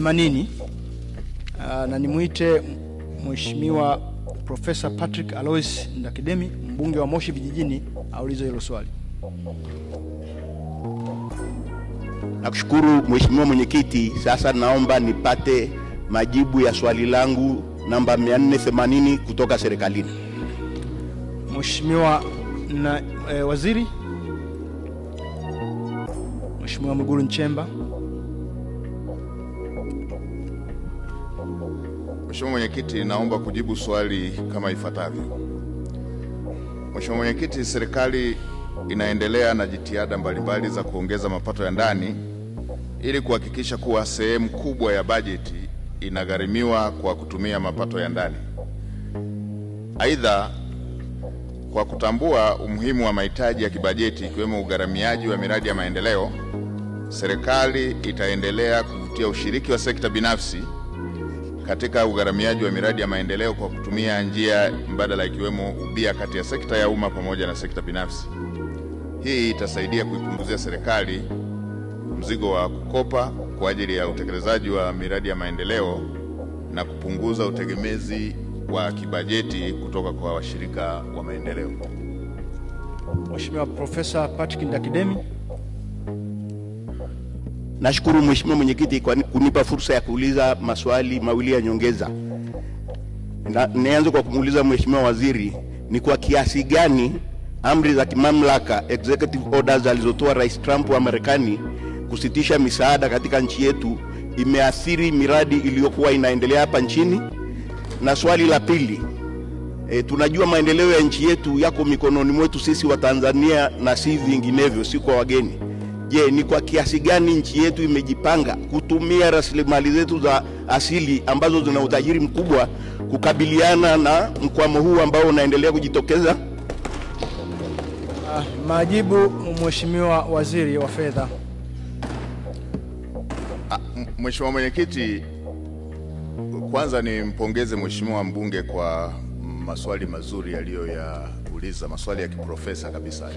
80 ah, na nimwite Mheshimiwa Profesa Patrick Alois Ndakidemi, mbunge wa Moshi Vijijini, aulize hilo swali. Nakushukuru Mheshimiwa Mwenyekiti. Sasa naomba nipate majibu ya swali langu namba 480 kutoka serikalini. Mheshimiwa na e, waziri Mheshimiwa mguru Nchemba. Mheshimiwa Mwenyekiti, naomba kujibu swali kama ifuatavyo. Mheshimiwa Mwenyekiti, serikali inaendelea na jitihada mbalimbali za kuongeza mapato ya ndani ili kuhakikisha kuwa sehemu kubwa ya bajeti inagharimiwa kwa kutumia mapato ya ndani. Aidha, kwa kutambua umuhimu wa mahitaji ya kibajeti ikiwemo ugharamiaji wa miradi ya maendeleo, serikali itaendelea kuvutia ushiriki wa sekta binafsi katika ugharamiaji wa miradi ya maendeleo kwa kutumia njia mbadala ikiwemo ubia kati ya sekta ya umma pamoja na sekta binafsi. Hii itasaidia kuipunguzia serikali mzigo wa kukopa kwa ajili ya utekelezaji wa miradi ya maendeleo na kupunguza utegemezi wa kibajeti kutoka kwa washirika wa maendeleo. Mheshimiwa Profesa Patrick Ndakidemi. Nashukuru Mheshimiwa Mwenyekiti kwa kunipa fursa ya kuuliza maswali mawili ya nyongeza. Nianze kwa kumuuliza Mheshimiwa Waziri, ni kwa kiasi gani amri za kimamlaka executive orders alizotoa Rais Trump wa Marekani kusitisha misaada katika nchi yetu imeathiri miradi iliyokuwa inaendelea hapa nchini? Na swali la pili, e, tunajua maendeleo ya nchi yetu yako mikononi mwetu sisi wa Tanzania na si vinginevyo, si kwa wageni. Je, ni kwa kiasi gani nchi yetu imejipanga kutumia rasilimali zetu za asili ambazo zina utajiri mkubwa kukabiliana na mkwamo huu ambao unaendelea kujitokeza? Ah, majibu Mheshimiwa Waziri wa Fedha. Ah, Mheshimiwa Mwenyekiti, kwanza nimpongeze Mheshimiwa mbunge kwa maswali mazuri aliyoyauliza, maswali ya kiprofesa kabisa.